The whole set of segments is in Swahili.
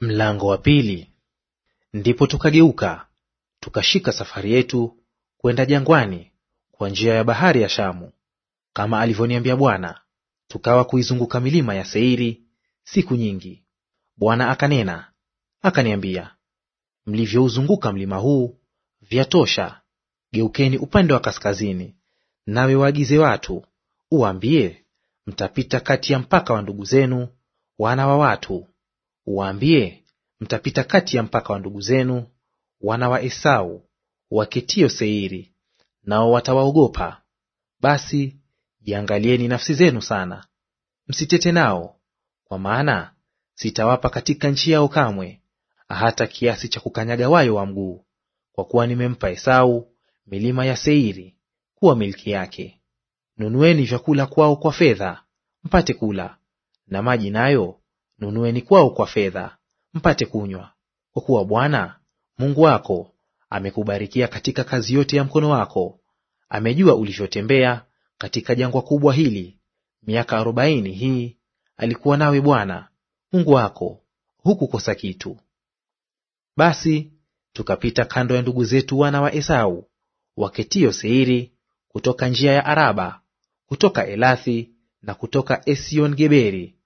Mlango wa pili. Ndipo tukageuka tukashika safari yetu kwenda jangwani kwa njia ya bahari ya Shamu, kama alivyoniambia Bwana. Tukawa kuizunguka milima ya Seiri siku nyingi. Bwana akanena akaniambia, mlivyouzunguka mlima huu vyatosha, geukeni upande wa kaskazini, nawe waagize watu uwaambie, mtapita kati ya mpaka wa ndugu zenu wana wa watu Waambie, mtapita kati ya mpaka wa ndugu zenu wana wa Esau waketio Seiri, nao watawaogopa. Basi jiangalieni nafsi zenu sana, msitete nao, kwa maana sitawapa katika nchi yao kamwe, hata kiasi cha kukanyaga wayo wa mguu, kwa kuwa nimempa Esau milima ya Seiri kuwa milki yake. Nunueni vyakula kwao kwa fedha, mpate kula, na maji nayo nunueni kwao kwa fedha, mpate kunywa, kwa kuwa Bwana Mungu wako amekubarikia katika kazi yote ya mkono wako; amejua ulivyotembea katika jangwa kubwa hili miaka arobaini hii alikuwa nawe Bwana Mungu wako, hukukosa kitu. Basi tukapita kando ya ndugu zetu wana wa Esau waketio Seiri, kutoka njia ya Araba, kutoka Elathi na kutoka Esion Geberi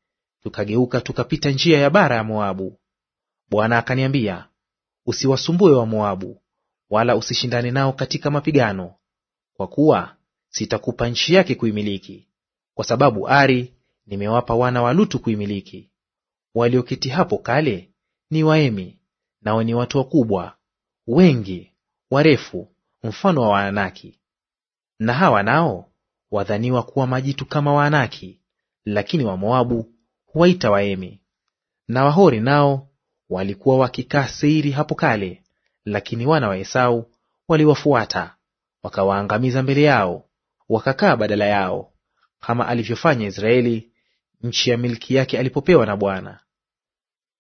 tukageuka tukapita njia ya bara ya Moabu. Bwana akaniambia, usiwasumbue wa Moabu, wala usishindane nao katika mapigano, kwa kuwa sitakupa nchi yake kuimiliki, kwa sababu Ari nimewapa wana wa Lutu kuimiliki. Walioketi hapo kale ni Waemi, nao ni watu wakubwa wengi, warefu, mfano wa Waanaki. Na hawa nao wadhaniwa kuwa majitu kama Waanaki, lakini Wamoabu huwaita Waemi. Na Wahori nao walikuwa wakikaa Seiri hapo kale, lakini wana wa Esau waliwafuata wakawaangamiza mbele yao, wakakaa badala yao, kama alivyofanya Israeli nchi ya milki yake alipopewa na Bwana.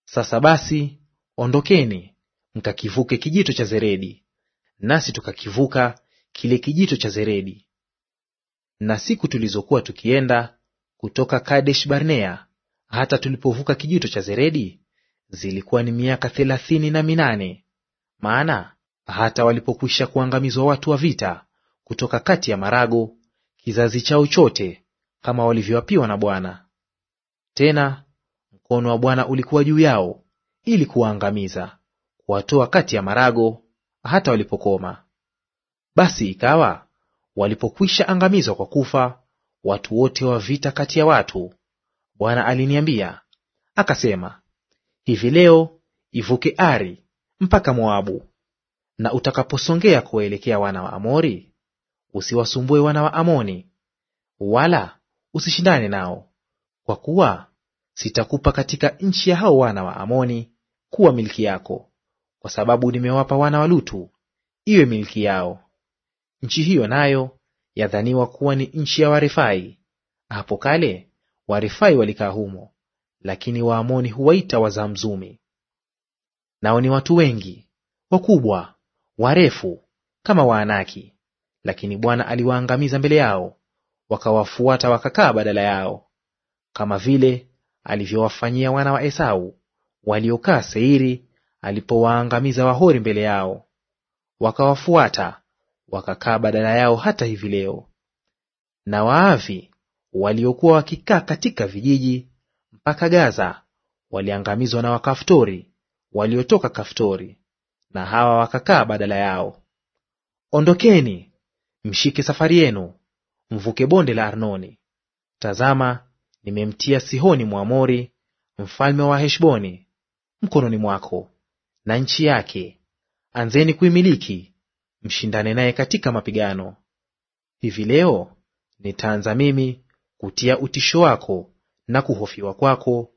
Sasa basi, ondokeni mkakivuke kijito cha Zeredi, nasi tukakivuka kile kijito cha Zeredi. Na siku tulizokuwa tukienda kutoka Kadesh Barnea hata tulipovuka kijito cha Zeredi zilikuwa ni miaka thelathini na minane. Maana hata walipokwisha kuangamizwa watu wa vita kutoka kati ya marago, kizazi chao chote kama walivyoapiwa na Bwana. Tena mkono wa Bwana ulikuwa juu yao ili kuwaangamiza, kuwatoa kati ya marago hata walipokoma. Basi ikawa walipokwisha angamizwa kwa kufa watu wote wa vita kati ya watu Bwana aliniambia akasema, hivi leo ivuke Ari mpaka Moabu, na utakaposongea kuwaelekea wana wa Amori, usiwasumbue wana wa Amoni, wala usishindane nao, kwa kuwa sitakupa katika nchi ya hao wana wa Amoni kuwa milki yako, kwa sababu nimewapa wana wa Lutu iwe milki yao. Nchi hiyo nayo yadhaniwa kuwa ni nchi ya Warefai hapo kale Warefai walikaa humo, lakini Waamoni huwaita Wazamzumi. Nao ni watu wengi wakubwa, warefu kama Waanaki, lakini Bwana aliwaangamiza mbele yao, wakawafuata wakakaa badala yao, kama vile alivyowafanyia wana wa Esau waliokaa Seiri, alipowaangamiza Wahori mbele yao. Wakawafuata wakakaa badala yao hata hivi leo. Na Waavi waliokuwa wakikaa katika vijiji mpaka Gaza waliangamizwa na Wakaftori waliotoka Kaftori, na hawa wakakaa badala yao. Ondokeni, mshike safari yenu, mvuke bonde la Arnoni. Tazama, nimemtia Sihoni Mwamori, mfalme wa Heshboni, mkononi mwako na nchi yake; anzeni kuimiliki, mshindane naye katika mapigano. Hivi leo nitaanza mimi kutia utisho wako na kuhofiwa kwako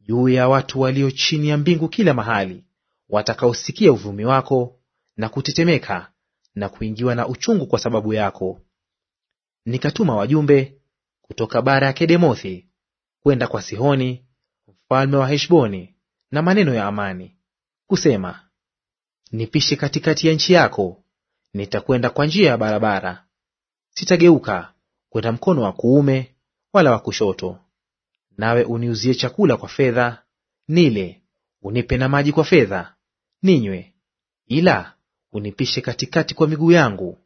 juu ya watu walio chini ya mbingu kila mahali, watakaosikia uvumi wako na kutetemeka na kuingiwa na uchungu kwa sababu yako. Nikatuma wajumbe kutoka bara ya Kedemothi kwenda kwa Sihoni mfalme wa Heshboni na maneno ya amani kusema, nipishe katikati ya nchi yako, nitakwenda kwa njia ya barabara, sitageuka kwenda mkono wa kuume wala wa kushoto. Nawe uniuzie chakula kwa fedha, nile; unipe na maji kwa fedha, ninywe; ila unipishe katikati kwa miguu yangu.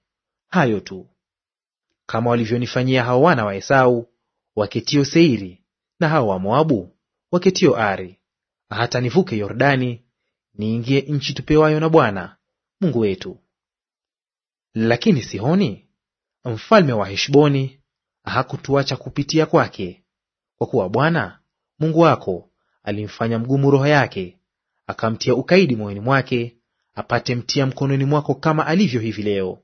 Hayo tu, kama walivyonifanyia hao wana wa Esau waketio Seiri, na hao wa Moabu waketio Ari, hata nivuke Yordani niingie nchi tupewayo na Bwana Mungu wetu. Lakini Sihoni mfalme wa Heshboni hakutuacha kupitia kwake. Kwa kuwa Bwana Mungu wako alimfanya mgumu roho yake, akamtia ukaidi moyoni mwake, apate mtia mkononi mwako kama alivyo hivi leo.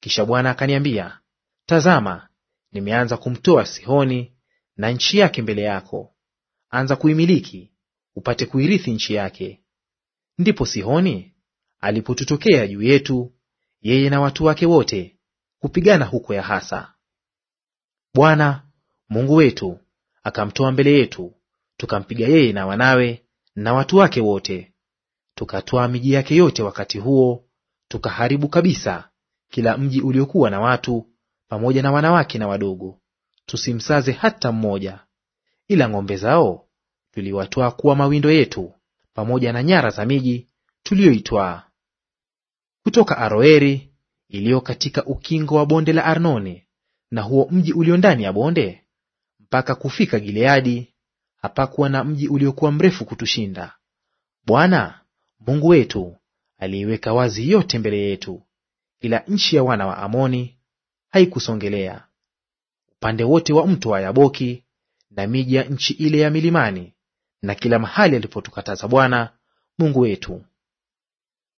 Kisha Bwana akaniambia, Tazama, nimeanza kumtoa Sihoni na nchi yake mbele yako. Anza kuimiliki upate kuirithi nchi yake. Ndipo Sihoni alipotutokea juu yetu, yeye na watu wake wote, kupigana huko Yahasa. Bwana Mungu wetu akamtoa mbele yetu, tukampiga yeye na wanawe na watu wake wote. tukatoa miji yake yote wakati huo, tukaharibu kabisa kila mji uliokuwa na watu, pamoja na wanawake na wadogo, tusimsaze hata mmoja. Ila ng'ombe zao tuliwatwaa kuwa mawindo yetu, pamoja na nyara za miji tuliyoitwaa. Kutoka Aroeri iliyo katika ukingo wa bonde la Arnoni na huo mji ulio ndani ya bonde mpaka kufika Gileadi, hapakuwa na mji uliokuwa mrefu kutushinda. Bwana Mungu wetu aliiweka wazi yote mbele yetu, ila nchi ya wana wa Amoni haikusongelea upande wote wa mto wa Yaboki na miji ya nchi ile ya milimani na kila mahali alipotukataza Bwana Mungu wetu.